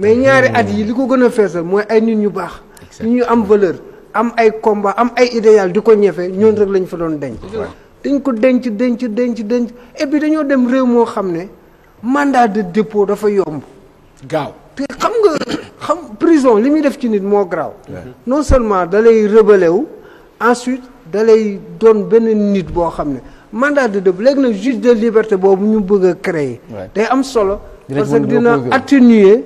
mais ñaari at hmm. yi li ko gën a feesal mooy ay nit ñu baax. nit ñu am valeur am ay combat am ay idéal di ko ñefe ñooñ rek lañ fa doon denc. dañ ko denc denc denc denc et dañoo dem réew moo xam ne mandat de dépôt dafa yomb. gaaw te xam nga xam prison li muy def ci nit moo graaw non seulement da lay rebelle wu ensuite da lay doon benn nit boo xam ne mandat de dépôt léegi nag juge de liberté boobu ñu bëgg a créer. day am solo. parce que dina atténuer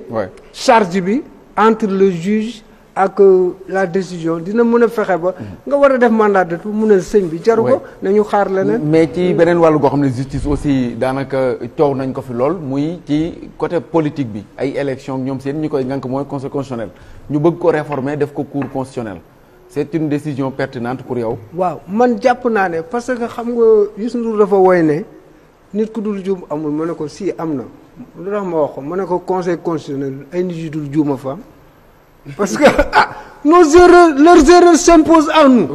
charge bi entre le juge ak euh, la décision dina mën a fexe ba mhm. nga war a def mandat de tout mën a sëñ bi jaru ko nañu xaar leneen mais ci beneen wàll goo xam ne justice aussi daanaka coow nañ ko fi lool muy ci côté politique bi ay élection ñoom seen ñu koy ngànk mooy conseil constitutionnel ñu bëgg ko réformer def ko cour constitutionnel c'est une décision pertinente pour yow waaw man jàpp naa ne parce que xam nga Youssou Ndour dafa woy nit ku dul juum amul ma ne ko si am na lu tax ma wax ko ma ne ko conseil constitutionnel ay nit yu dul juuma fa parce que ah nos erreurs leurs erreurs s'imposent à nous.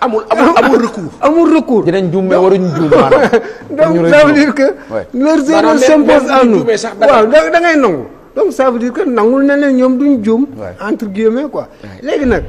amul amul amul recours. amul recours dinañ juum mais waruñ juum maanaam. donc ça veut dire que. leurs erreurs s'imposent à da ngay nangu. donc ça veut dire que nangul na leen ñoom duñ juum. entre guillemets quoi. léegi nag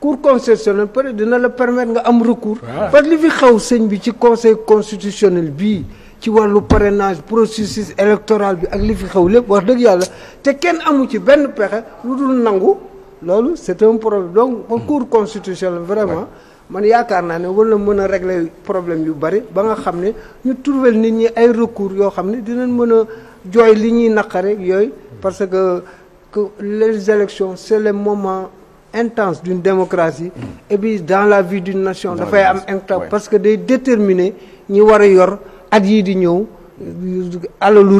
cour constitutionnelle peut-être dina la permettre nga am recours. parce que li fi xaw sëñ bi ci conseil constitutionnel bii. ci wàllu parrainage processus électoral bi ak li fi xew lépp wax dëgg yàlla te kenn amu ci benn pexe lu dul nangu loolu c'est un problème donc ba hmm. cour constitutionnelle vraiment man yaakaar naa ne war na mën a régler problème yu bari ba nga xam ne ñu trouver nit ñi ay recours yoo xam ne dinañ mën a jooy li ñuy naqare yooyu hmm. parce que les élections c'est les moment intense d'une démocratie hmm. et puis dans la vie d'une nation dafay am impact parce que day déterminer ñi war a yor at yii di ñëw alalu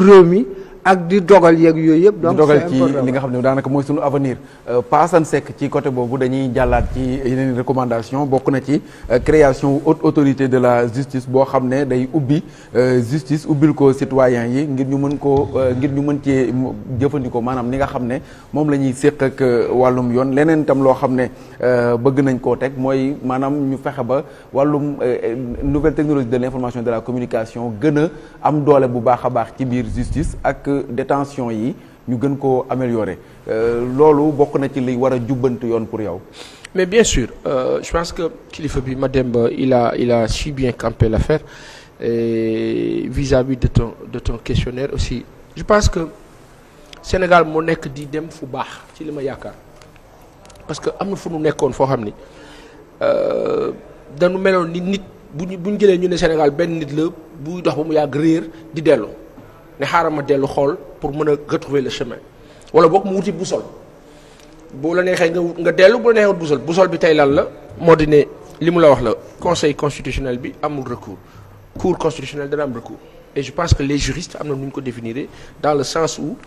ak di dogal yeeg yooyu yëpp. donc dogal ci li nga xam ne daanaka mooy suñu avenir. Euh, Paasan Seck ci côté boobu dañuy jàllaat ci yeneen recommandation bokk na ci euh, création haute autorité de la justice boo xam ne day ubbi euh, justice ubbil ko citoyens yi ngir ñu mën ko ngir ñu mën cee jëfandikoo maanaam li nga xam ne moom la ñuy séq ak wàllum yoon leneen tam loo xam ne bëgg nañ koo teg mooy maanaam ñu fexe ba wàllum nouvelle technologie de l'information de la communication gën am doole bu baax a baax ci détention yi ñu gën koo améliorer euh, loolu bokk na ci li war a jubbant yoon pour yow. mais bien sûr euh, je pense que kilifa bi ma dem ba il a si bien campé l'affaire et vis de ton de ton questionnaire aussi je pense que Sénégal moo nekk di dem fu baax ci li ma yaakaar parce que am na fu nu nekkoon foo xam ni euh, dañu meloon ni nit bu ñu bu ñu jëlee ñu ne Sénégal benn nit la buy dox ba mu yàgg réer di delloo. ne xaaral ma dellu xool pour mën a retrouver le chemin wala boog mu wuti boussole bu la neexee nga nga dellu bu la neexee boussole boussole bi tey lan la moo di ne li mu la wax la conseil constitutionnel bi amul recours cour constitutionnelle dana am recours et je pense que les juristes am na nu ñu ko définir dans le sens où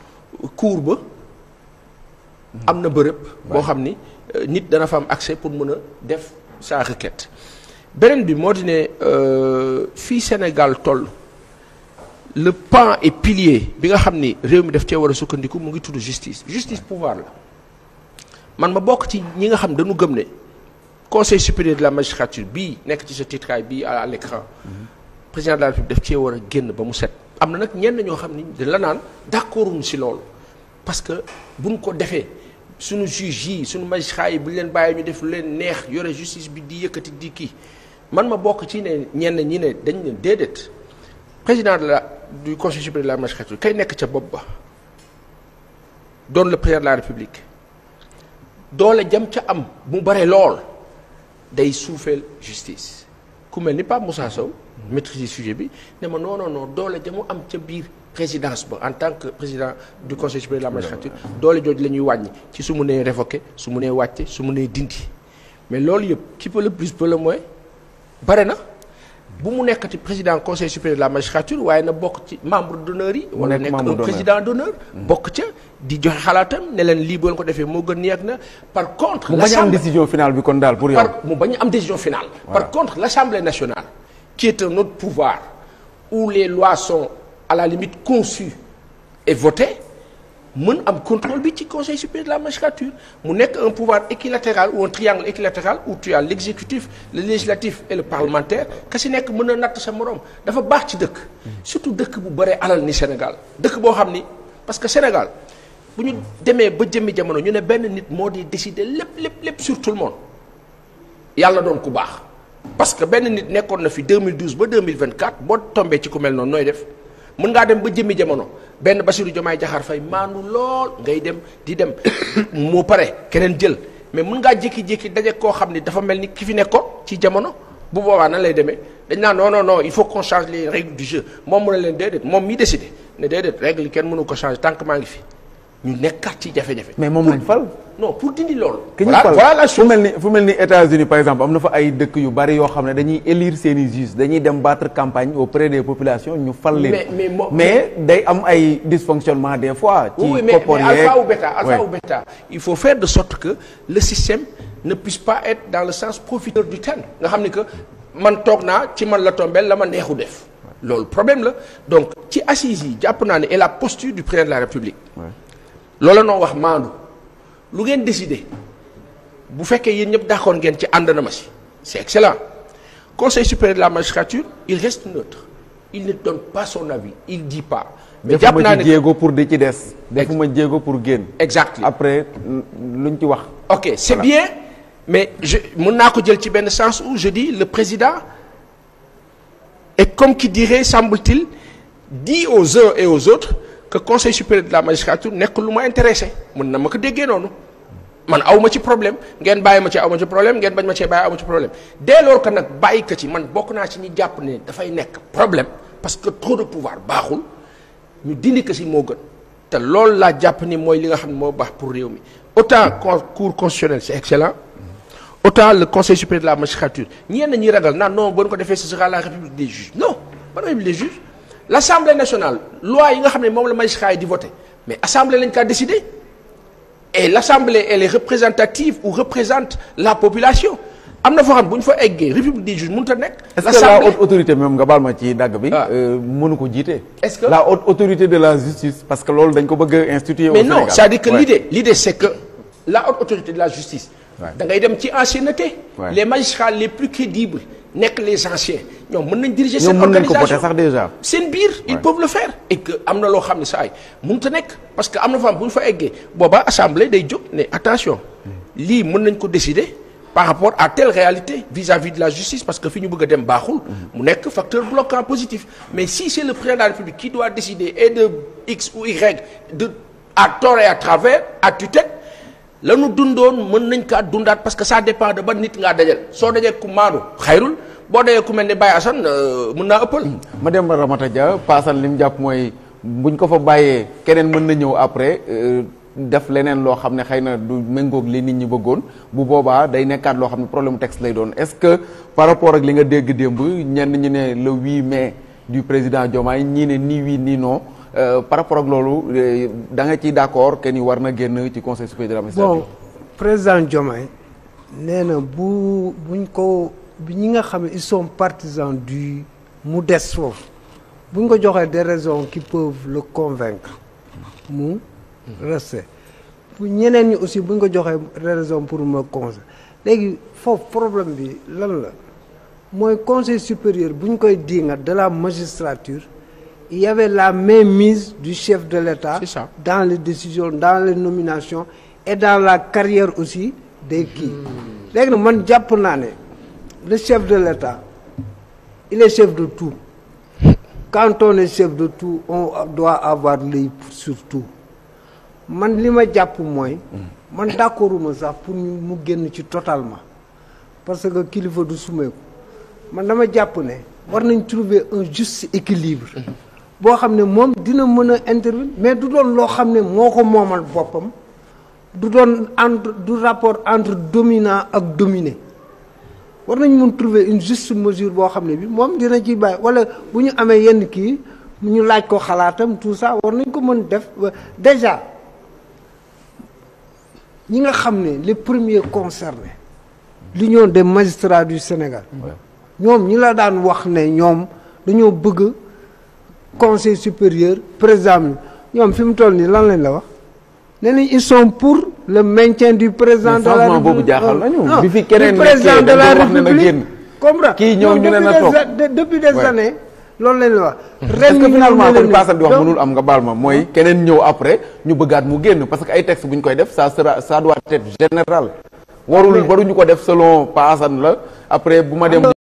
cour ba am na bërëb boo xam ni euh, nit dana fa am accès pour mën a def sa requête beneen bi moo di ne euh, fii Sénégal toll le pan et pilier bi nga xam ni réew mi def cee war a sukkandiku mu ngi tudd justice justice pouvoir la man ma bokk ci ñi nga xam dañu gëm ne conseil supérieur de la magistrature bii nekk ci sa titraay bi à l'écran président de la def daf cee war a génn ba mu set am na nag ñenn ñoo xam ni da la naan d'accorduñ si lool parce que bu buñ ko defee suñu juge yi suñu magistrat yi bu leen bàyyi ñu def lu leen neex yore justice bi di yëkkati di kii man ma bokk ci ne ñenn ñi ne dañ ne déedéet du conseil supérieur de la magistrature kay nekk ca bopp ba doon le président de la république doole jam ca am mu bare lool day suufeel justice ku mel ni Pape Moussa Sow maîtriser bi ne ma non non doole jamu am ca biir présidence ba en tant que président du conseil supérieur de la magistrature doole jooju la ñuy wàññi ci su mu nee révoqué su mu nee wàcce su mu nee dindi mais loolu yëpp ci peut le plus peut le bare na. bu mu nekkati président conseil supérieur de la magistrature waaye na bokk ci membre d'honneur yi. wala nekk un président d'honneur mm-hmm. bokk ca di joxe xalaatam ne leen lii boo ko defee moo gën nii ak na par contre. mu bañ a bi kon daal pour yow. mu bañ a am décision finale. par contre l'Assemblée nationale. qui est un pouvoir où les lois sont à la limite conçues et votées. mën am contrôle bi ci conseil supérieur la magistrature mu nekk un pouvoir équilatéral ou un triangle équilatéral où tu as l'exécutif le législatif et le parlementaire ka si nekk mën a natt sa morom dafa baax ci dëkk surtout dëkk bu bare alal ni Sénégal dëkk boo xam ni parce que Sénégal bu ñu demee ba jëmmi jamono ñu ne benn nit moo di décider lépp lépp lépp sur tout le monde yàlla doon ku baax parce que benn nit nekkoon na fi 2012 ba boo tombee ci ku mel noonu nooy def mën ngaa dem ba jëmmi jamono benn Bassirou Diomaye Diakhar Faye maandu lool ngay dem di dem mu pare keneen jël mais mun ngaa jékki-jékki daje koo xam ni dafa mel ni ki fi nekkoon ci jamono bu boobaa nan lay demee dañ naan non non non il faut qu'on change les règles du jeu moom mu ne leen déedéet moom mi décidé ne déedéet règle kenn mënu ko changer tànk maa ngi fi ñu nekkaat ci jafe-jafe. mais moom lañ fal. non pour dindi loolu. voilà voilà fu mel ni fu mel ni États-Unis par exemple am na fa ay dëkk yu bari yoo xam ne dañuy élire seeni juges dañuy dem battre campagne auprès des populations ñu fal leen. mais mais day am ay dysfonctionnement des fois. ci oui, mais, mais alpha ou il faut faire de sort que le système ne puisse pas être dans le sens profiteur du terme nga xam ni que man toog naa ci man la tombel la ma neexu def. loolu problème la donc ci assises yi jàpp naa ne et la posture du la République. loola noo wax maandu lu ngeen décidé bu fekkee yéen ñëpp d'accord ngeen ci ànd na ma si c'est excellent conseil supérieur de la magistrature il reste neutre il ne donne pas son avis il dit pas. mais jàpp naa ne defuma pour di ci des. defuma jéego pour génn. exactement après luñ ci wax. ok c'est bien mais je mën naa ko jël ci benn sens où je dis le président est comme qui dirait semble-t-il dit aux uns et aux autres. que conseil supérieur de la magistrature nekk lu ma intéressé mën na ma ko déggee noonu man aw ma ci problème ngeen bàyyi ma ci aw ma ci problème ngeen bañ ma cee bàyyi aw ma ci problème dès lors ko nag bàyyi ko ci man bokk naa ci ñi jàpp ne dafay nekk problème parce que trop de pouvoir baaxul ñu dindi ko si moo gën te loolu laa jàpp ni mooy li nga xam ne moo baax pour réew mi autant cour constitutionnelle c'est excellent autant le conseil supérieur de la magistrature ñenn ñi ragal naan non boo ko defee ce sera la l' assemblée nationale loi yi nga xam ne moom la magistrat yi di voté mais assemblée lañ kaa décidé et l' assemblée elle est représentative ou représente la population am na foo xam bu ñu fa eggee république des juges mënut a nekk. l' assemblée est ce que la autorité même nga baal ma ci dàgg bi. Ah. Euh, mënu ko jiite. est ce que la haute autorité de la justice. parce que loolu dañ ko bëgg a instituer. au Sénégal mais dire que l' idée l' que la autorité de la justice. da ngay dem ci ancienneté. les magistrats les plus crédibles. nekk les anciens ñoom mën nañ diriger seen organisation sax déjà seen biir ils peuvent le faire et que am na loo xam ne saa yi mënut a nekk parce que am na am bu ñu fa eggee boobaa assemblée day jóg ne attention lii mën nañ ko décider par rapport à telle réalité vis-à-vis de la justice parce que fi ñu bëgg dem baaxul mu nekk facteur bloquant positif mais si c'est le président de la République qui doit décider et de x ou y de à tort et à travers à tue lanu dundoon mën nañ ko at dundaat parce que ça dépend ba nit ngaa dajal soo dajee ku maandu xayrul boo dajal ku mel ni Baye Assane euh, mën naa ëppal. ma dem Ramata ja paasan li mu jàpp mooy buñ ko fa bàyyee keneen mën na ñëw après euh, def leneen loo xam ne xëy na du méngoog li nit ñi bëggoon bu boobaa day nekkaat loo xam ne problème texte lay doon est-ce que par rapport ak li nga dégg démb ñenn ñi ne le 8 mais du président Diomaye ñii ne ni oui ni non. Euh, par rapport ak loolu euh, da nga ci d'accord que ni war na génn ci conseil supérieur de l'administration. président Diomaye nee na bu buñ ko ñi nga xam ne ils sont partisans du mu des foofu buñ ko joxee des raisons qui peuvent le convaincre mu ñeneen ñi aussi buñ ko joxee des raisons pour me conseil léegi foofu problème bi lan la mooy conseil supérieur buñ koy dinga de la magistrature. il y avait la du chef de l'État dans le décisions dans les nomination et dans la carrière aussi de kii léegi nag man jàpp naa ne le chef de l'État il est chef de tout quand on chef de tout on doit avoir l'œil sur tout man li ma jàpp mooy man d'accorduma sax pour mu génn ci totalement parce que kilifa du sumeeku man dama jàpp ne war nañ trouver un juste équilibre boo xam ne moom dina mën a intervenir mais du doon loo xam ne moo ko moomal boppam du doon entre du rapport entre dominant ak dominé war nañ mun trouver une juste mesure boo xam ne bi moom dina ci bàyyi wala bu ñu amee yenn kii ñu laaj ko xalaatam tout ça war nañ ko mën def euh, déjà ñi nga xam ne les premiers concernés l'union des magistrats du Sénégal ñoom ñi la daan wax ne ñoom dañoo bëgg conseil supérieur président ñoom fi mu toll nii lan lañ la wax ne ni ils sont pour le maintien du président de la république boobu jaaxal nañu bi fi keneen président de la république comprends kii ñëw ñu ne na toog depuis des années loolu lañ la wax ren que finalement kon baasal di wax mënul am nga baal ma mooy keneen ñëw après ñu bëggaat mu génn parce que ay texte bu ñu koy def ça sera ça doit être général warul waruñu ko def selon paasan la après bu ma dem